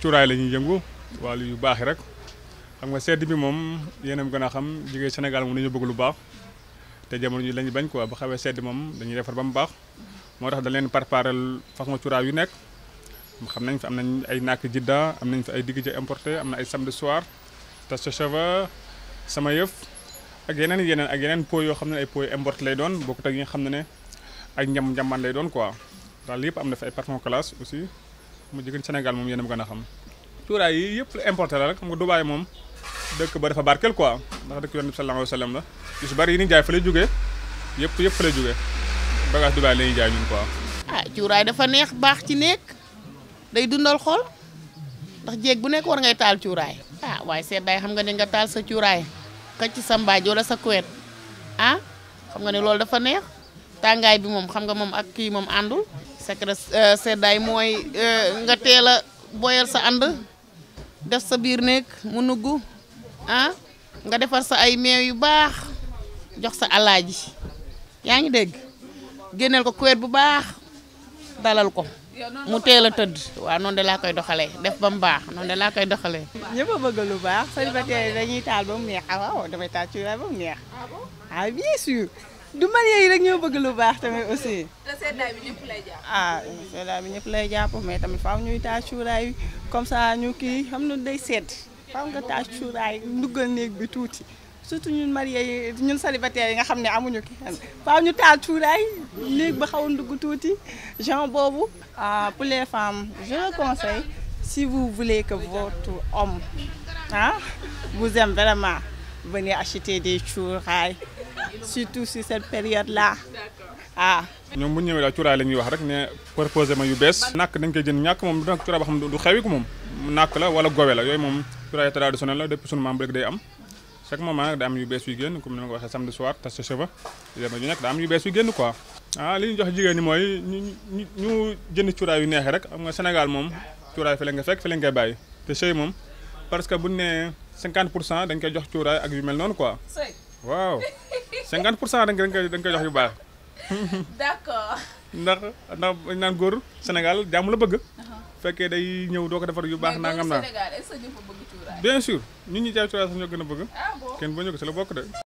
cuuraay la ñuy yëngu wàllu yu baax rek xam nga sedd bi moom yeneen a gën a xam jógee Sénégal moom dañu bëgg lu baax te jamono ji lañu bañ quoi bu xawee sedd moom dañuy defar ba mu baax moo tax dañ leen préparel façon cuuraay yu nekk xam nañ fi am nañ ay nàkk jidda am nañ fi ay digg ja importé am na ay samedi soir tas sa sama yëf ak yeneen yeneen ak yeneen pots yoo xam ne ay pots importé lay doon bokkut ak yi xam ne ne ay njam njamaan lay doon quoi daal yëpp am na fi ay parfum mu jigéen Sénégal moom yéen a gën a xam cuuraay yi yëpp la importé la rek xam nga Dubaay moom dëkk ba dafa barkeel quoi ndax dëkk Yonent bi sallallahu alayhi wa sallam la yu si bari yi ni jaay yëpp yëpp fa lay jógee Dubaay la ñuy jaay ñun quoi. ah cuuraay dafa neex baax ci nekk day dundal xol ndax jéeg bu nekk war ngay taal cuuraay. ah waaye seddaay xam nga ne nga taal sa cuuraay ka ci sa mbaaj wala sa kuwet ah xam nga ne loolu dafa neex tàngaay bi moom xam nga moom ak kii moom àndul. secret euh, seddaay mooy euh, nga teel a boyal sa ànd def sa biir néeg mu nugg ah nga defar sa ay meew yu baax jox sa alaaji yaa ngi dégg génneel ko kuwet bu baax dalal ko mu teel a tëdd waaw noonu de laa koy doxalee def ba mu baax noonu de laa koy doxalee. ñëpp a bëgg lu baax sëñ ba tey dañuy taal ba mu neex ah damay taal ci ba mu neex ah, ah bien sûr. du malien yi rek ñoo bëgg lu baax tamit aussi. te seddaay bi ñëpp lay jàpp. ah seddaay bi ñëpp lay jàpp mais tamit faaw ñuy taaj cuuraay comme ça ñu kii xam na day sedd faaw nga taaj cuuraay nduggal néeg bi tuuti surtout ñu marié yi ñun célibataire yi nga xam ne amuñu ki faaw ñu taal cuuraay néeg ba xaw ndugg tuuti genre boobu. Ah, pour les femmes je le conseille si vous voulez que votre homme ah vous aime vraiment. venez acheter des cuuraay surtout si cette période là ah. ñoom bu ñu ñëwee daal cuuraay la wax rek ne proposé ma yu bees. nàkk dañ koy jën ñàkk moom du nag cuuraay boo xam ko moom nàkk la wala gowe la yooyu moom cuuraay traditionnel la depuis sunu maam rek day am chaque moment am yu bees yu génn comme ni ma ko waxee samedi soir tas sa cheva yéen ñu am yu bees yu génn quoi. Ah, li ñu jox jigéen ñi mooy ñu ñu ñu jënd yu neexee rek xam nga Sénégal moom cuuraay fi la nga fekk fi la nga bàyyi te sëy moom parce que bu nee cinquante pour cent dañ koy jox cuuraay ak yu mel noonu ko waaw 50 pour cent dañ koy dañ koy jox yu baax. d'accord. ndax ndax naan góor Sénégal jàmm la bëgg. Uh-huh. fekkee day ñëw doo ko defar yu baax. naa am naa Sénégal est ñu ñuy bëgg cuuraay. jaay cuuraay sax ñoo gën a bëgg. Ah kenn ba ñu ko la bokk de.